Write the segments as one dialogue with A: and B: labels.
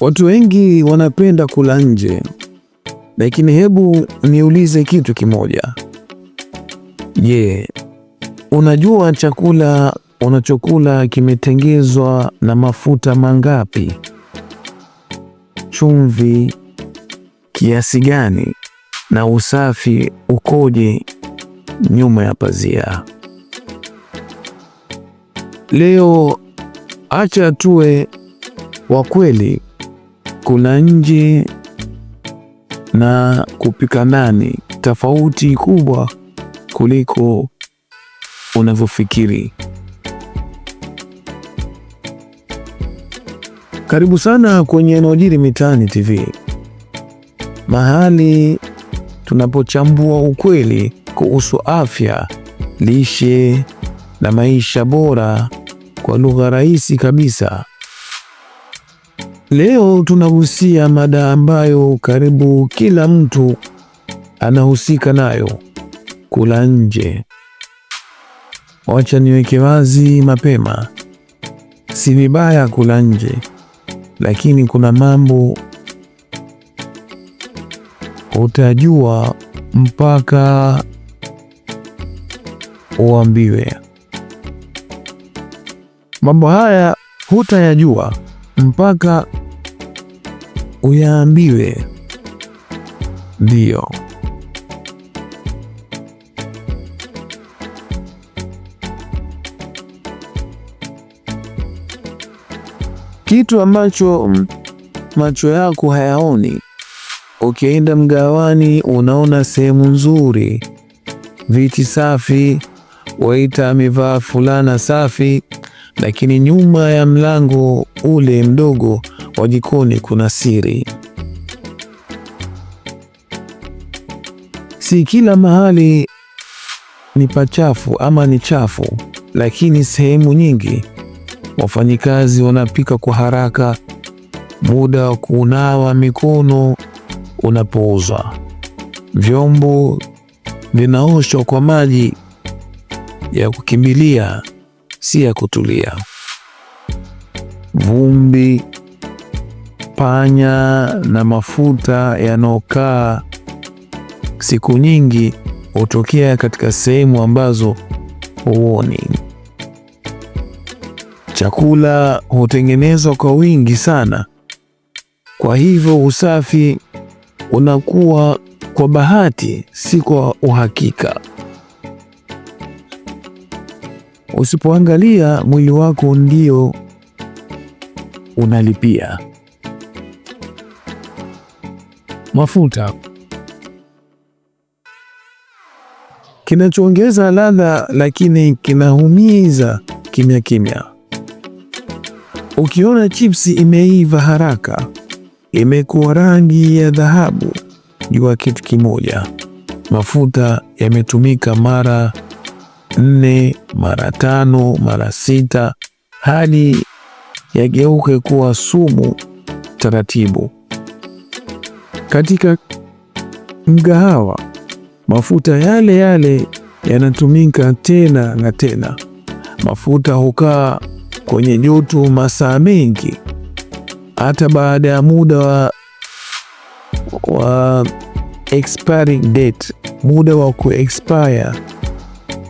A: Watu wengi wanapenda kula nje, lakini hebu niulize kitu kimoja. Je, yeah, unajua chakula unachokula kimetengezwa na mafuta mangapi, chumvi kiasi gani, na usafi ukoje nyuma ya pazia? Leo acha tuwe wa kweli kula nje na kupika ndani, tofauti kubwa kuliko unavyofikiri. Karibu sana kwenye yanayojiri mitaani TV, mahali tunapochambua ukweli kuhusu afya, lishe na maisha bora kwa lugha rahisi kabisa. Leo tunagusia mada ambayo karibu kila mtu anahusika nayo, kula nje. Wacha niweke wazi mapema, si vibaya kula nje, lakini kuna mambo utajua mpaka uambiwe. Mambo haya hutayajua mpaka uyaambiwe ndio. Kitu ambacho macho yako hayaoni, ukienda mgawani unaona sehemu nzuri, viti safi, waita amevaa fulana safi lakini nyuma ya mlango ule mdogo wa jikoni kuna siri. Si kila mahali ni pachafu ama ni chafu, lakini sehemu nyingi wafanyikazi wanapika kwa haraka, muda wa kunawa mikono unapouzwa vyombo vinaoshwa kwa maji ya kukimbilia si ya kutulia. Vumbi, panya na mafuta yanaokaa siku nyingi hutokea katika sehemu ambazo huoni. Chakula hutengenezwa kwa wingi sana, kwa hivyo usafi unakuwa kwa bahati, si kwa uhakika. Usipoangalia, mwili wako ndio unalipia. Mafuta kinachoongeza ladha, lakini kinahumiza kimya kimya. Ukiona chipsi imeiva haraka, imekuwa rangi ya dhahabu, jua kitu kimoja: mafuta yametumika mara nne mara tano mara sita hadi yageuke kuwa sumu taratibu. Katika mgahawa, mafuta yale yale yanatumika tena na tena. Mafuta hukaa kwenye joto masaa mengi, hata baada ya muda wa, wa expiring date, muda wa kuexpire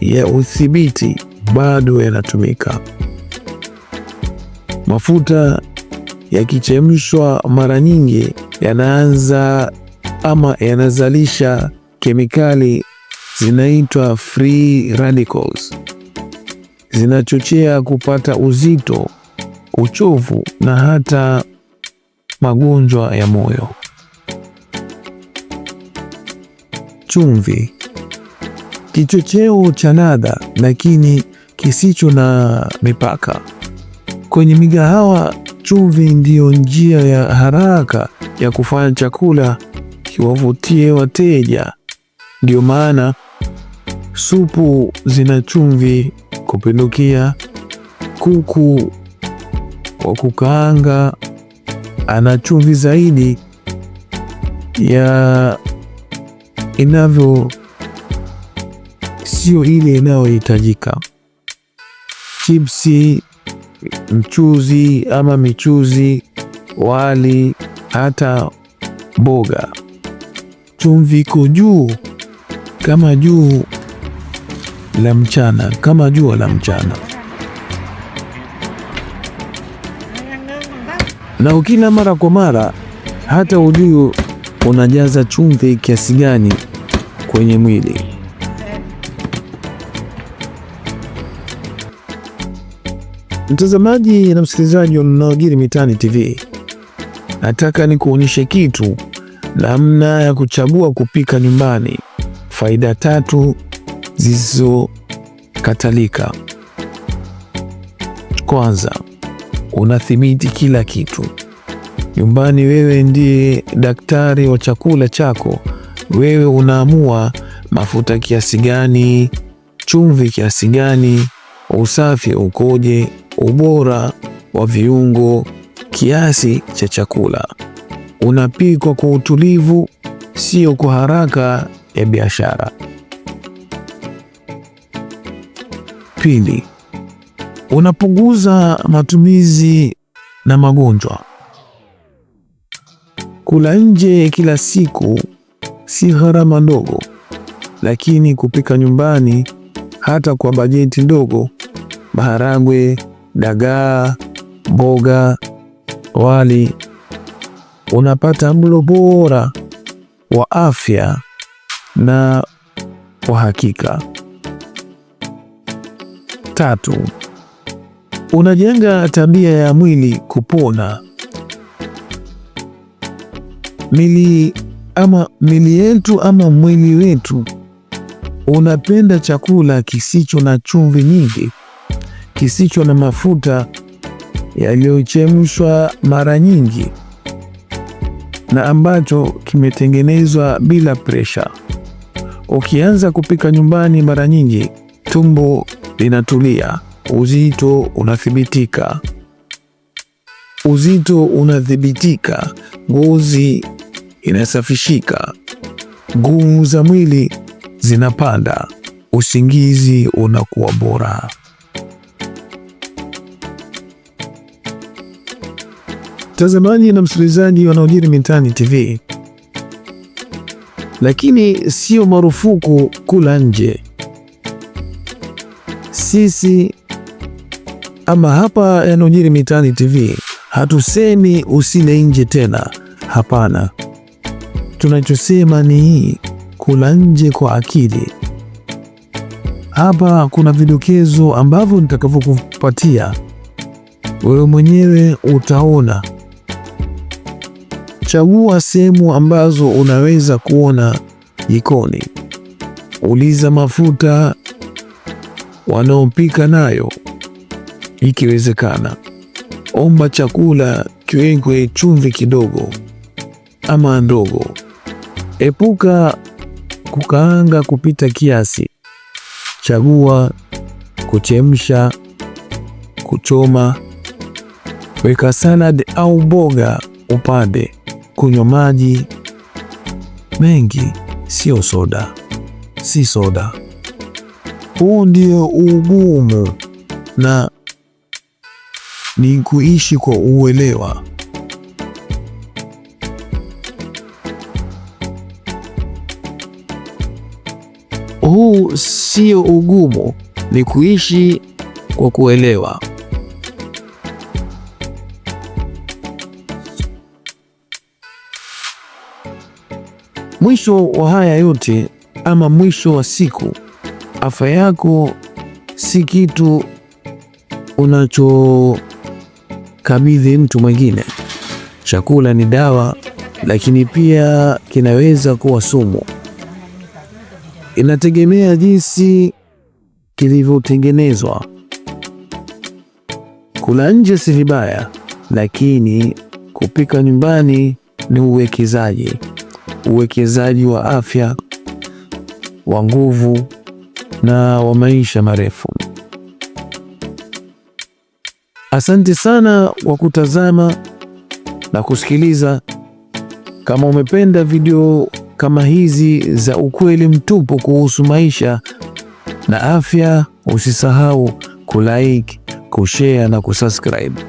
A: ya udhibiti bado yanatumika. Mafuta yakichemshwa mara nyingi yanaanza ama yanazalisha kemikali zinaitwa free radicals, zinachochea kupata uzito, uchovu na hata magonjwa ya moyo. Chumvi kichocheo cha ladha lakini kisicho na mipaka. Kwenye migahawa, chumvi ndiyo njia ya haraka ya kufanya chakula kiwavutie wateja. Ndiyo maana supu zina chumvi kupindukia, kuku wa kukaanga ana chumvi zaidi ya inavyo sio ile inayohitajika. Chipsi, mchuzi ama michuzi, wali, hata mboga. Chumvi iko juu kama juu la mchana, kama jua la mchana. Na ukila mara kwa mara, hata ujui unajaza chumvi kiasi gani kwenye mwili. Mtazamaji na msikilizaji wa yanayojiri mitaani TV, nataka ni kuonyeshe kitu, namna ya kuchagua kupika nyumbani, faida tatu zisizokatalika. Kwanza, unathibiti kila kitu nyumbani. Wewe ndiye daktari wa chakula chako. Wewe unaamua mafuta kiasi gani, chumvi kiasi gani, usafi ukoje ubora wa viungo, kiasi cha chakula. Unapikwa kwa utulivu, sio kwa haraka ya biashara. Pili, unapunguza matumizi na magonjwa. Kula nje kila siku si gharama ndogo, lakini kupika nyumbani, hata kwa bajeti ndogo, maharagwe dagaa, mboga, wali, unapata mlo bora wa afya na wa hakika. Tatu, unajenga tabia ya mwili kupona. Mili ama mili yetu ama mwili wetu unapenda chakula kisicho na chumvi nyingi kisicho na mafuta yaliyochemshwa mara nyingi na ambacho kimetengenezwa bila presha. Ukianza kupika nyumbani mara nyingi, tumbo linatulia, uzito unathibitika, uzito unathibitika, ngozi inasafishika, nguvu za mwili zinapanda, usingizi unakuwa bora. mtazamaji na msikilizaji wanaojiri mitaani TV, lakini sio marufuku kula nje. Sisi ama hapa yanayojiri mitaani TV hatusemi usile nje tena, hapana. Tunachosema ni hii kula nje kwa akili. Hapa kuna vidokezo ambavyo nitakavyokupatia wewe mwenyewe utaona Chagua sehemu ambazo unaweza kuona jikoni. Uliza mafuta wanaopika nayo ikiwezekana. Omba chakula kiwekwe chumvi kidogo ama ndogo. Epuka kukaanga kupita kiasi. Chagua kuchemsha, kuchoma. Weka salad au mboga upande kunywa maji mengi, sio soda, si soda. Huu ndio ugumu na ni kuishi kwa uelewa. Huu sio ugumu, ni kuishi kwa kuelewa. Mwisho wa haya yote ama mwisho wa siku, afya yako si kitu unachokabidhi mtu mwingine. Chakula ni dawa, lakini pia kinaweza kuwa sumu. Inategemea jinsi kilivyotengenezwa. Kula nje si vibaya, lakini kupika nyumbani ni uwekezaji uwekezaji wa afya, wa nguvu na wa maisha marefu. Asante sana kwa kutazama na kusikiliza. Kama umependa video kama hizi za ukweli mtupu kuhusu maisha na afya, usisahau kulike, kushare na kusubscribe.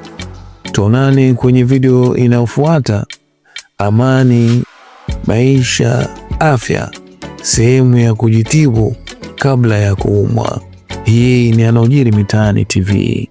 A: Tuonane kwenye video inayofuata. Amani maisha, afya, sehemu ya kujitibu kabla ya kuumwa. Hii ni yanayojiri mitaani TV.